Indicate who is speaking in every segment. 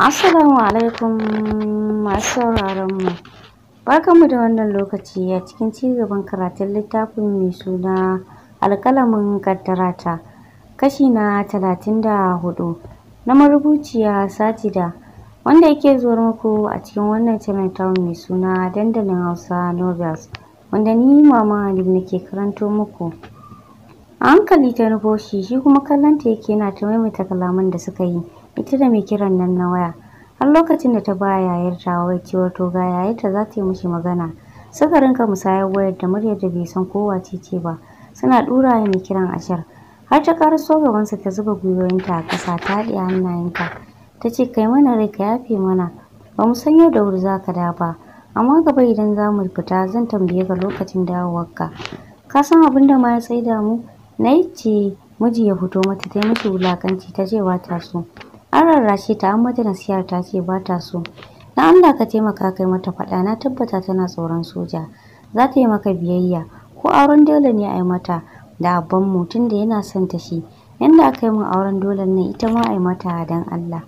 Speaker 1: Assalamu alaikum masu sauraron mu. Barkanmu da wannan lokaci a cikin cigaban karatun littafin mai suna alkalamin kaddarata kashi na talatin da hudu na marubuciya Satida wanda yake zuwa muku a cikin wannan channel tamu mai suna dandalin Hausa Novels wanda ni Mama Halim nake karanto muku. A hankali ta nufo shi kuma kallon ta yake na ta maimaita kalaman da suka yi. ita da mai kiran nan na waya har lokacin da ta ba yayar ta wai cewar to ga yayar ta za ta yi mishi magana suka rinka musayar wayar da muryar da bai san kowa ce ce ba suna dura mai kiran ashar har ta karaso gabansa ta zuba gwiwoyinta a ƙasa ta haɗe hannayen ta ce kai mana rai ka yafe mana ba mu san yau da wuri za ka da ba amma gaba idan za mu fita zan tambaye ka lokacin dawowarka ka san abin da ma ya tsaida mu na yi ce miji ya fito mata ta yi mishi wulakanci ta ce ba ta so an rarrashe ta an mata nasihar ta ce ba ta so na Allah ka taimaka kai mata faɗa na tabbata tana tsoron soja za ta yi maka biyayya ko auren dole ne a yi mata da abban mu tunda yana son ta shi yanda aka yi mun auren dole ne, ita ma a yi mata dan Allah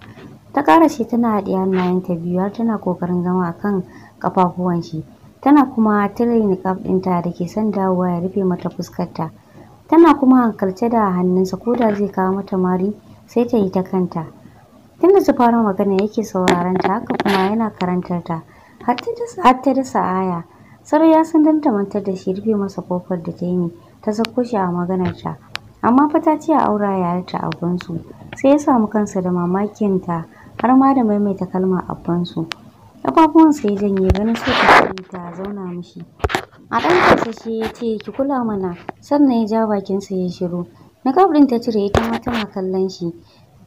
Speaker 1: ta ƙara shi tana haɗe hannayenta biyu har tana ƙoƙarin zama a kan ƙafafuwan shi tana kuma cire niƙaf ɗinta da ke son dawowa ya rufe mata fuskarta tana kuma hankalce da hannunsa ko da zai kawo mata mari sai ta yi ta kanta tun da su fara magana yake sauraron ta haka kuma yana karantar ta har ta dasa aya sarai ya san don ta mantar da shi rufe masa kofar da ta yi ta sako shi a maganar ta amma fa ta ce a aura yarta abbansu sai ya samu kansa da mamakin ta har ma da maimaita kalma abbansu kafafuwan sai janye ganin so ta ta zauna mishi a ɗan shi ya ce ki kula mana sannan ya ja bakin sa ya shiru na kafin ta cire ita ma tana kallon shi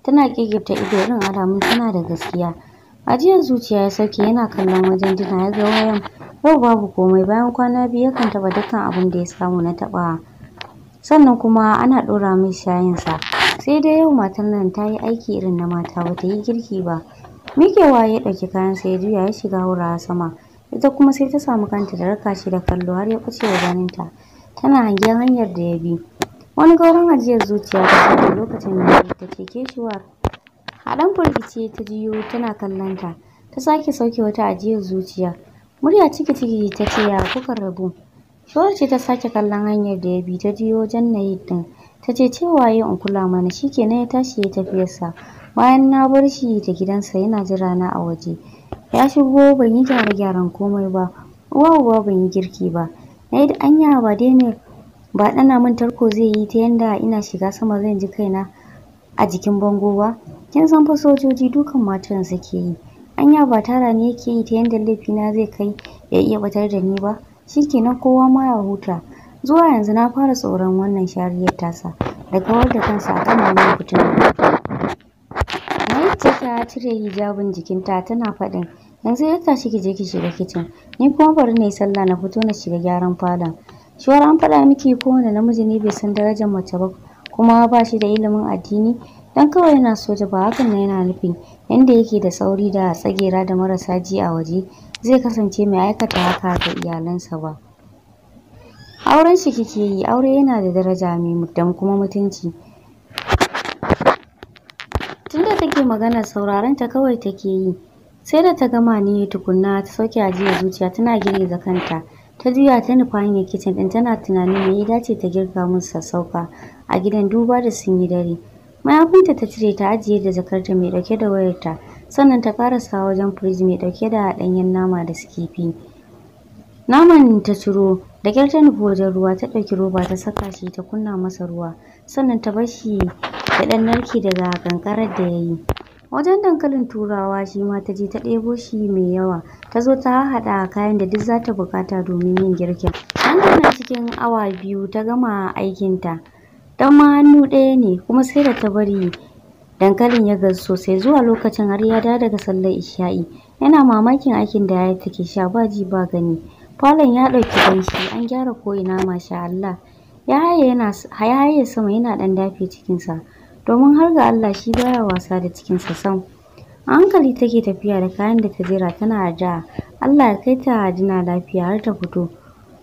Speaker 1: tana ƙirƙirta ido irin alamun tana da gaskiya ajiyar zuciya ya sauke yana kallon wajen jina, ya ga wayan yau babu komai bayan kwana biyu yakan taɓa dukkan abin da ya samu na taɓawa sannan kuma ana ɗora mai shayinsa sai dai yau matar nan ta yi aiki irin na mata ba ta yi girki ba mikewa ya ɗauki sa ya juya ya shiga haurawa sama ita kuma sai ta samu kanta da raka shi da kallo har ya ɓace wa ta tana hangen hanyar da ya bi wani gauran ajiyar zuciya ta sake lokacin da ta ce ke ciwar haɗan firgici ta jiyo tana kallon ta sake sauke wata ajiyar zuciya murya ciki ciki ta ce ya kuka rabu Shawar ce ta sake kallon hanyar da ya bi ta jiyo wajen na yi ɗin. Ta ce cewa ya in kula mana shi na ya tashi ya tafiyarsa. Bayan na bar shi da gidansa yana jira na a waje. Ya shigo ban yi gyare gyaran komai ba. Uwa uba ban yi girki ba. Na yi da anya ba dai ne ba ɗana min tarko zai yi ta yanda ina shiga sama zan ji kaina a jikin bango ba kin san fa sojoji dukan matan suke yi anya ba tara ne yake yi ta yanda laifina zai kai ya iya batar da ni ba shikenan kowa ma ya huta zuwa yanzu na fara tsoron wannan shariyar tasa da kawar da kansa a ƙananan fitina Mahaifiyar ta cire hijabin jikinta tana faɗin yanzu ya tashi ki je ki shiga kicin ni kuma bari na yi sallah na fito na shiga gyaran falon shiwar an faɗa miki kowane namiji ne bai san darajar mace ba kuma ba shi da ilimin addini dan kawai yana soja ba hakan ne yana nufin yanda yake da sauri da tsagera da marasa ji a waje zai kasance mai aikata haka ga iyalansa ba. Auren shi kike yi aure yana da daraja mai da kuma mutunci. Tunda take magana sauraron ta kawai take yi sai da ta gama ne tukunna ta sauke ajiyar zuciya tana girgiza kanta. ta juya ta nufa hanyar kicin ɗin tana tunanin me ya dace ta girka musu sassauka a gidan duba da sun yi dare mayafinta ta cire ta ajiye da jakarta mai ɗauke da wayarta sannan ta karasa wajen firiji mai ɗauke da ɗanyen nama da kifi naman ta ciro da ƙyar ta nufi wajen ruwa ta ɗauki roba ta saka shi ta kunna masa ruwa sannan ta bar shi ya ɗan narke daga ƙanƙarar da ya yi wajen dankalin turawa shi ma ta je ta ɗebo shi mai yawa ta zo ta haɗa kayan da duk za ta buƙata domin yin girkin an gama cikin awa biyu ta gama aikinta dan ma hannu ɗaya ne kuma sai da ta bari dankalin ya gasu sosai zuwa lokacin har ya dawo daga sallar isha'i yana mamakin aikin da ya take sha ba ji ba gani falon ya ɗauki danshi an gyara ko ina masha Allah ya haye sama yana ɗan dafe cikinsa domin har ga Allah shi baya wasa da cikin sam. A hankali take tafiya da kayan da ta jira tana da Allah ya kai ta jina lafiya har ta fito.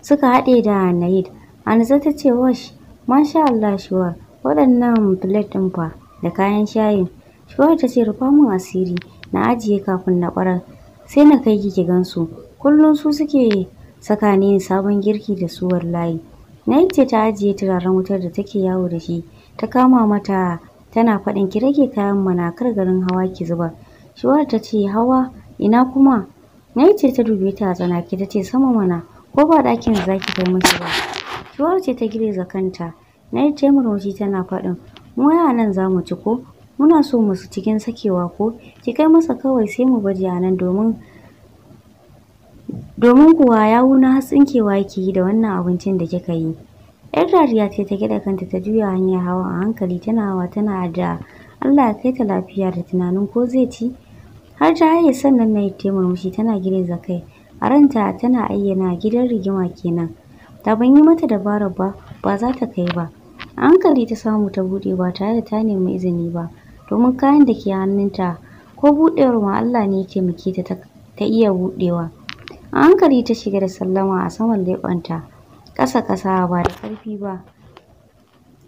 Speaker 1: Suka haɗe da Naid. Anisa ta ce wash masha Allah shiwar waɗannan plate ɗin fa da kayan shayin. Shiwar ta ce rufa min asiri na ajiye kafin na ɓarar sai na kai ki gansu kullum su suke saka sabon girki da suwar layi. Na ce ta ajiye turaren wutar da take yawo da shi ta kama mata tana faɗin ki rage kayan mana kar garin hawa ki zuba shiwar ta ce hawa ina kuma na ce ta dube ta tsana ki ta ce sama mana ko ba ɗakin za ki kai miki ba shiwar ce ta gireza kanta na ce murmushi tana faɗin mu yaya nan za mu ci ko muna so mu su cikin sakewa ko ki kai masa kawai sai mu bari a nan domin domin kuwa yawuna hatsinkewa yake yi da wannan abincin da kika yi Yar dariya ce ta gyaɗa kanta ta juya hanyar hawa a hankali tana hawa tana addu'a. Allah ya kai ta lafiya da tunanin ko zai ci. Har ta haye sannan na yi murmushi tana girgiza kai. A ranta tana ayyana gidan rigima kenan. ta ban yi mata dabarar ba, ba za ta kai ba. A hankali ta samu ta buɗe ba tare da ta nemi izini ba. Domin kayan da ke hannunta ko buɗewar ma Allah ne ya taimake ta ta iya buɗewa. A hankali ta shiga da sallama a saman leɓenta. ƙasa-ƙasa ba da ƙarfi ba.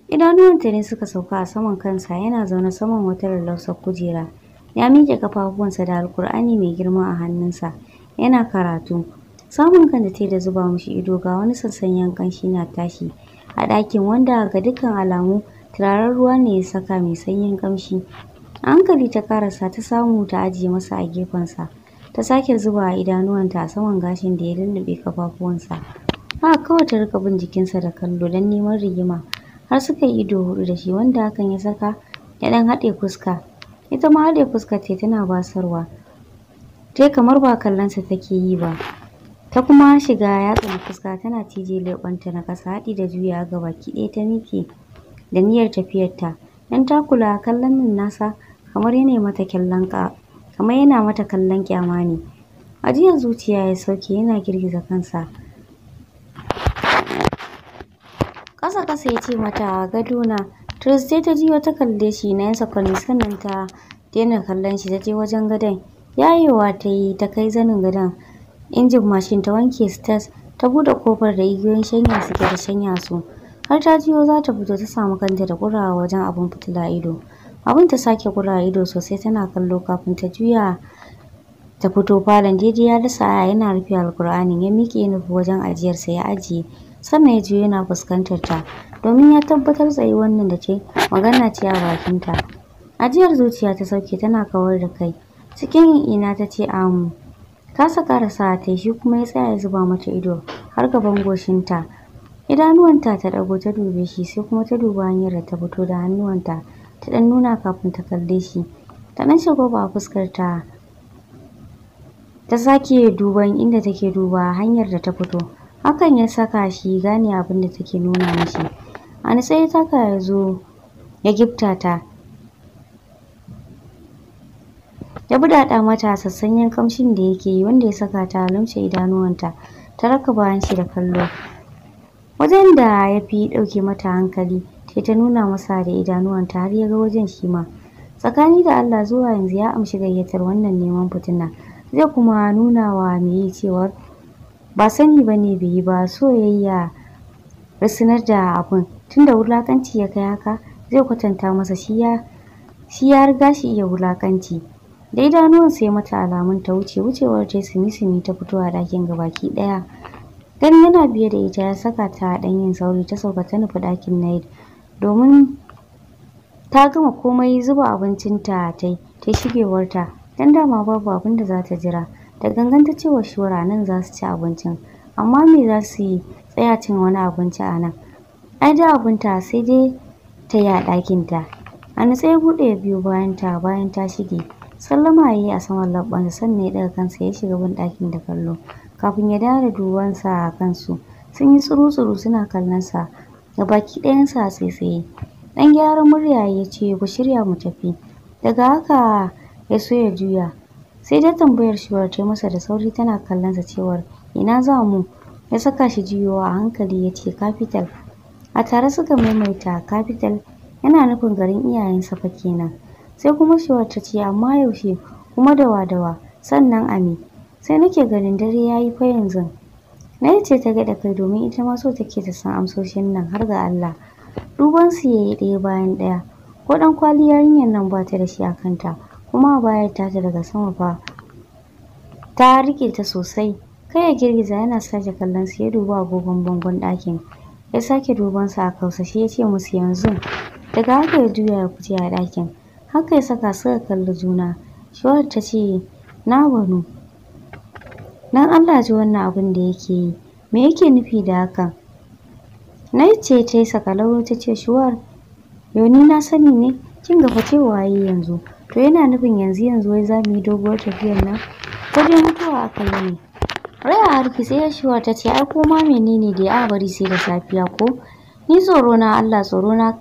Speaker 1: Idanuwanta ne suka sauka a saman kansa yana zaune saman wata lallausar kujera. Ya miƙe kafafuwansa da alƙur'ani mai girma a hannunsa. Yana karatu. Samun kan da ta da zuba mishi ido ga wani sassanyan ƙanshi na tashi a ɗakin wanda ga dukkan alamu turaren ruwa ne ya saka mai sanyin ƙamshi. A hankali ta karasa ta samu ta ajiye masa a gefensa. Ta sake zuba idanuwanta a saman gashin da ya lulluɓe kafafuwansa. Haka kawai ta riƙa bin jikinsa da kallo don neman rigima har suka yi ido hudu da shi wanda hakan ya saka ya ɗan haɗe fuska. Ita ma haɗe fuskar ce tana basarwa. Tai kamar ba kallonsa take yi ba. Ta kuma shiga tsani fuska tana cije leɓenta na ƙasa haɗi da juyawa baki ɗaya ta miƙe da niyyar tafiyarta. Don ta kula kallon nan nasa kamar yana mata kallon kamar yana mata kallon ƙyama ne. Ajiyar zuciya ya sauke yana girgiza kansa. ƙasa ya ce mata gado na Tuesday ta ji wata kalle shi na yan sakwanni sannan ta daina kallon shi ta je wajen gadon yayewa ta yi ta kai zanin gadon injin mashin ta wanke stas ta bude kofar da igiyoyin shanya suke da shanya su har ta jiyo za ta fito ta samu kanta da kurawa wajen abin fitila ido abin ta sake kura ido sosai tana kallo kafin ta juya ta fito falon daidai ya rasa yana rufe alkur'anin ya miƙe nufi wajen ajiyarsa ya ajiye sannan ya je yana fuskantar ta domin ya tabbatar tsaye wannan da ce magana ce a bakinta ajiyar zuciya ta sauke tana kawar da kai cikin ina ta ce amu kasa sa ta shi kuma ya tsaya zuba mata ido har gaban goshinta idanuwanta ta ɗago ta dube shi sai kuma ta duba hanyar da ta fito da hannuwanta ta ɗan nuna kafin ta kalle shi ta ɗan shigo ba fuskar ta ta sake duban inda take duba hanyar da ta fito hakan ya saka shi gane abin da take nuna mishi a sai ya taka ya zo ya gifta ta ya buɗaɗa mata sassanyen kamshin da yake yi wanda ya saka ta lumshe idanuwanta ta raka bayan shi da kallo wajen da ya fi ɗauke mata hankali sai ta nuna masa da idanuwanta har ya ga wajen shi ma tsakani da Allah zuwa yanzu ya amshi gayyatar wannan neman fitina zai kuma nuna wa meye cewar ba sani ba ne bai yi ba soyayya rasinar da abin tunda wulakanci ya kai haka zai kwatanta masa shi ya shi ya riga shi iya wulakanci da idanuwan sai mata alamun ta wuce wucewar ta sumi ta fito a ɗakin gabaki ɗaya dan yana biye da ita ya saka ta ɗan yin sauri ta sauka ta nufi ɗakin naid domin ta gama komai zuba abincin ta yi ta shigewarta don dama babu abin da za ta jira Da gangan ta ce Shura nan za su ci abincin. Amma me za su yi tsaya cin wani abinci a nan? Ai da abinta sai dai ta yi a ta. A nutse ya buɗe ya biyo bayan ta bayan ta shige. Sallama ya yi a saman labbansa sannan ya ɗaga kansa ya shiga bin ɗakin da kallo. Kafin ya dawo da duwansa a kansu. Sun yi tsuru-tsuru suna kallonsa. baki ɗayansa a tsaitsaye. Ɗan gyaran murya ya ce ku shirya mu tafi. Daga haka ya so ya juya. sai dai tambayar shiwar ta masa da sauri tana kallonsa cewar ina za mu ya saka shi jiyowa a hankali ya ce capital a tare suka maimaita capital yana nufin garin iyayensa fa kenan sai kuma shiwar ta ce amma yaushe kuma dawa dawa sannan a me sai nake ganin dare ya yi fa yanzu na ce ta gaɗa kai domin ita ma so take ta san amsoshin nan har ga Allah duban su yayi ɗaya bayan ɗaya ko ɗan kwaliyar yarinyar nan ba ta da shi a kanta kuma baya ta daga sama fa ta rike ta sosai kai ya girgiza yana sake kallon su ya duba agogon bangon ɗakin ya sake duban sa a kausashe ya ce musu yanzu daga haka ya juya ya fita a ɗakin haka ya saka suka kalli juna shawar ta ce na banu dan Allah ji wannan abin da yake yi me yake nufi da hakan na ce ta yi sakalau ta ce shuwar yau ni na sani ne kin gaba cewa ce yanzu To yana nufin yanzu yanzu wai za mu yi doguwar tafiyar nan? Ko dai mutuwa a yi ne? Raya sai ya shiwa ta ce ai ko ma menene ya ya bari sai da safiya ko? Ni tsoro na Allah tsoro na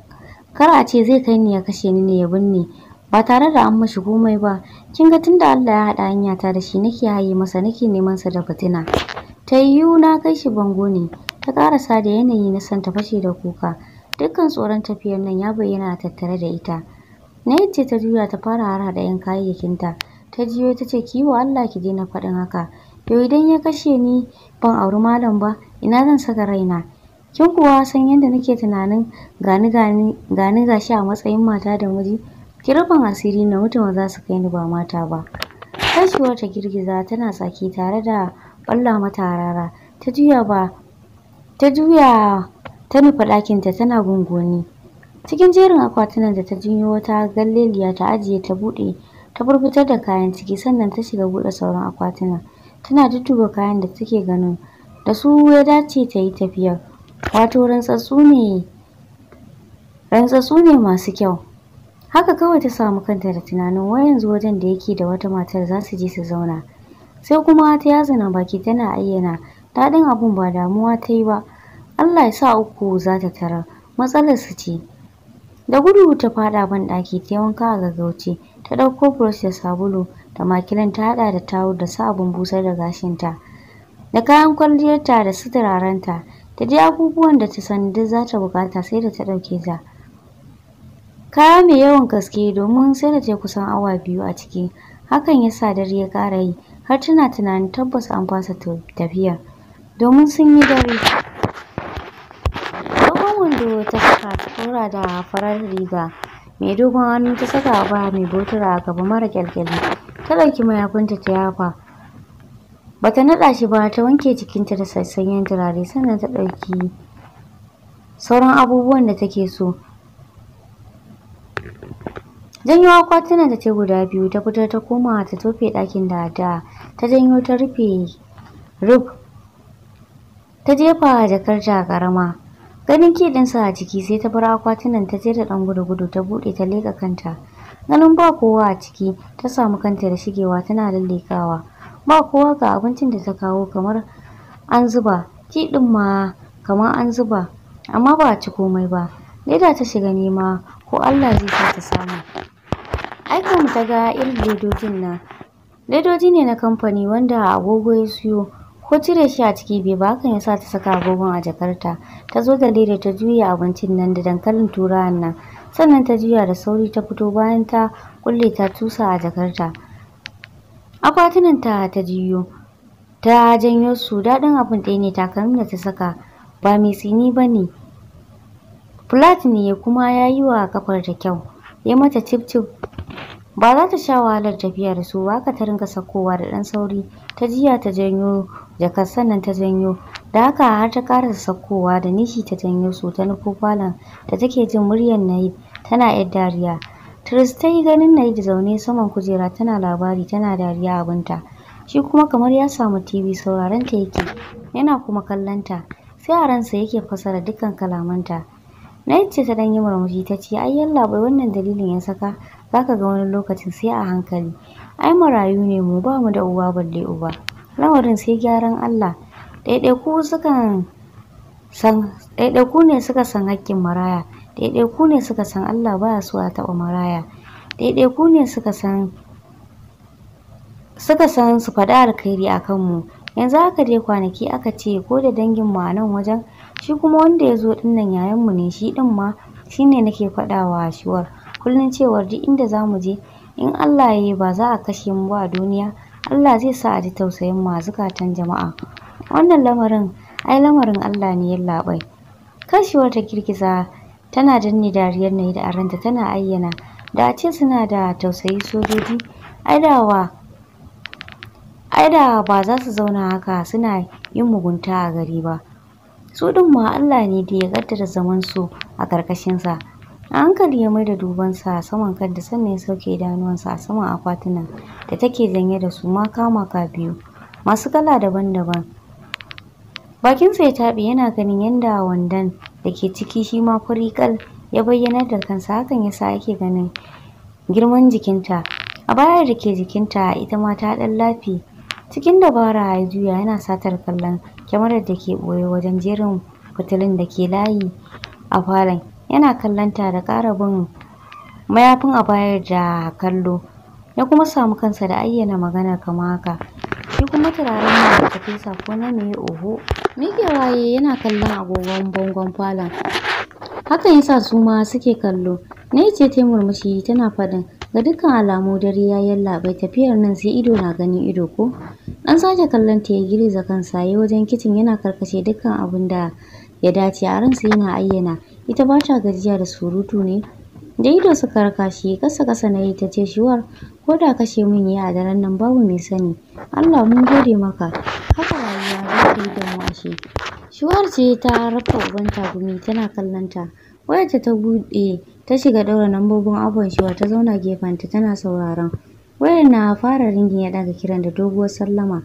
Speaker 1: kar a ce zai kai ni ya kashe ni ne ya binne ba tare da an mashi komai ba kin ga tunda Allah ya haɗa ta da shi nake haye masa nake neman sa da fitina ta yiwu na kai shi bango ne ta karasa da yanayi na son ta fashe da kuka dukkan tsoron tafiyar nan ya bayyana tattare da ita Nayit ce ta juya ta fara harhaɗa 'yan kayayyakinta. Ta jiyo ta ce ki yi wa Allah ki daina faɗin haka. To idan ya kashe ni ban auri malam ba ina zan saka raina. Kin kuwa san yadda nake tunanin gani gani gani gashi a matsayin mata da miji. Ki rufin asiri na mutum za su kai ni ba mata ba. Tashiwar ta girgiza tana tsaki tare da ɓalla mata rara. Ta juya ba ta juya ta nufa ɗakinta tana gungoni. cikin jerin akwatunan da ta jinyo wata galleliya ta ajiye ta buɗe ta burbutar da kayan ciki sannan ta shiga buɗe sauran akwatunan tana dudduba kayan da take ganin da su ya dace ta yi tafiyar wato rantsatsu ne rantsatsu ne masu kyau haka kawai ta samu kanta da tunanin wai yanzu wajen da yake da wata matar za su je su zauna sai kuma ta yazana baki tana ayyana daɗin abun ba damuwa ta yi ba Allah ya sa uku za ta tarar matsalar su ce Da gudu ta faɗa banɗaki, ta ta wanka a gaggauce, ta ɗauko brush da sabulu da makilan ta haɗa da tawul da sabon busar da gashinta. Da kayan kwalliyarta da su ta. ta je abubuwan da ta san duk za ta bukata sai da ta ɗauke ta. Kaya mai yawan gaske domin sai da ta kusan awa biyu a ciki, hakan ya sa dare ya ƙara yi har tana tunanin tabbas an fasa tafiya domin sun yi dare. ɗaura da farar riga mai dogon hannu ta saka wa mai botura a gaba mara kyalkyali ta ɗauki mayafinta ta yafa bata naɗa shi ba ta wanke jikinta da sassanyen turare sannan ta ɗauki sauran abubuwan da take so janyo akwatunan da ta guda biyu ta fitar ta koma ta tofe ɗakin da da ta janyo ta rufe rub ta jefa jakarta ƙarama Ganin kidin sa a ciki sai ta bar akwatunan ta je da dan gudu-gudu ta buɗe ta leka kanta. Ganin ba kowa a ciki ta samu kanta da shigewa tana lallekawa. Ba kowa ga abincin da ta kawo kamar an zuba, ki ma kamar an zuba, amma ba a ci komai ba. Leda ta shiga nema ko Allah zai sa ta samu. Aikan ta ga irin ledojin na. Ledoji ne na kamfani wanda agogo ya siyo ko cire shi a ciki bai ba hakan sa ta saka agogon a jakarta ta zo da leda ta juya abincin nan da dankalin turawa nan sannan ta juya da sauri ta fito bayan ta kulle ta tusa a jakarta akwatunan ta ta jiyo ta janyo su daɗin abin ɗaya ne takalmin da ta saka ba mai tsini ba ne flat ne kuma ya yi wa kafar ta kyau ya mata cif cif ba za ta sha wahalar tafiya da su ba ka ta ringa sakowa da ɗan sauri ta jiya ta janyo jakar sannan ta janyo da haka har ta ƙara saukowa da nishi ta janyo so ta nufo kwalon da take jin muryar nayi tana yar dariya Tris ta yi da zaune saman kujera tana labari tana dariya abinta shi kuma kamar ya samu TV sauraron ta yake yana kuma kallon ta sai a ransa yake fasara dukkan kalamanta Na'ib ce ta danyi yi murmushi ta ce ai yalla bai wannan dalilin ya saka zaka ga wani lokacin sai a hankali ai marayu ne mu ba mu da uwa balle uba lamarin sai gyaran Allah ɗaiɗaiku ne suka san hakkin maraya ɗaiɗaiku ne suka san Allah baya su a taɓa maraya ɗaiɗaiku ne suka san su faɗa alkhairi a kanmu yanzu haka dai kwanaki aka ce ko da dangin mu a nan wajen shi kuma wanda ya zo ɗinnan yayan mu ne shi ɗin ma shine nake faɗawa shiwar kullum cewar duk inda za mu je in Allah ya yi ba za a kashe mu ba a duniya Allah zai sa a ji tausayin mazukatan jama'a wannan lamarin ai lamarin Allah ne yallaɓai Kashiwar ta girgiza tana danne dariyar nayi da aranta tana ayyana da a ce suna da tausayi sojoji aidawa aidawa ba za su zauna haka suna yin mugunta a gari ba su ɗin ma Allah ne da ya kaddara zaman su a ƙarƙashinsa a hankali ya mai da dubansa a saman kanta sannan ya sauke idanuwansa a saman akwatunan da take zanye da su maka maka biyu masu kala daban-daban bakinsa ya taɓe yana ganin yadda wandan da ke ciki shi ma fari kal ya bayyanar da kansa hakan ya sa ake ganin girman jikinta a bayar da ke jikinta ita ma ta ɗan lafi cikin dabara ya juya yana satar kallon kyamarar da ke ɓoye wajen jerin fitilun da ke layi a falon yana kallonta da ƙara bin mayafin a bayar da kallo ya kuma samu kansa da ayyana magana kamar haka shi kuma turaren nan da ta na meye oho waye yana kallon agogon bangon falon hakan yasa su ma suke kallo na ce ta murmushi tana faɗin ga dukkan alamu dare ya yi labai tafiyar nan sai ido na gani ido ko dan sake kallon ta ya girza kansa ya wajen kicin yana karkashe dukkan abin da ya dace a ransa yana ayyana ita ba ta gajiya da surutu ne da ido suka raka shi kasa kasa na yi ta ce shiwar ko da kashe min yi a daren nan babu mai sani Allah mun gode maka haka rayuwa za ta yi da mashi? shiwar ce ta rafa uban tagumi tana kallon ta wayarta ta buɗe ta shiga ɗaura lambobin abon shiwa ta zauna gefenta tana sauraron wayar na fara ringin ya ɗaga kiran da doguwar sallama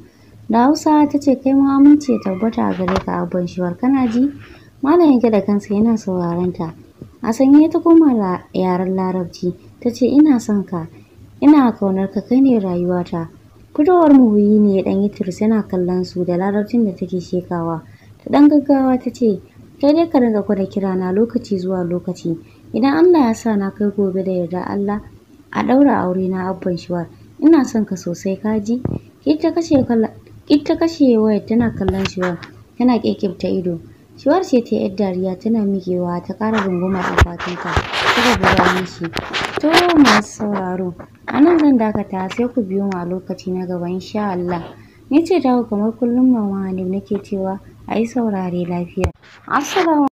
Speaker 1: da hausa ta ce kai ma aminci ya tabbata a gare ka abban shiwar kana ji malam yake da kansa yana sauraron ta a sanye ta koma yaren larabci ta ce ina son ka ina kaunar ka kai ne rayuwata fitowar muhuyi ne ya dan yi tirs yana kallon su da larabcin da take shekawa ta dan gaggawa ta ce kai dai ka dinga kwada kira na lokaci zuwa lokaci idan Allah ya sa na kai gobe da yarda Allah a daura aure na abban shiwar ina son ka sosai kaji ki ta kashe ita kashe wayar tana kallon shiwar tana ƙyaƙyabta ido shiwar ce ta yar dariya tana miƙewa ta ƙara rungumar akwatinta suka buga mishi to masu sauraro a nan zan dakata sai ku biyo mu a lokaci na gaba insha Allah ni ce dawo kamar kullum mama ne nake cewa a yi saurare lafiya assalamu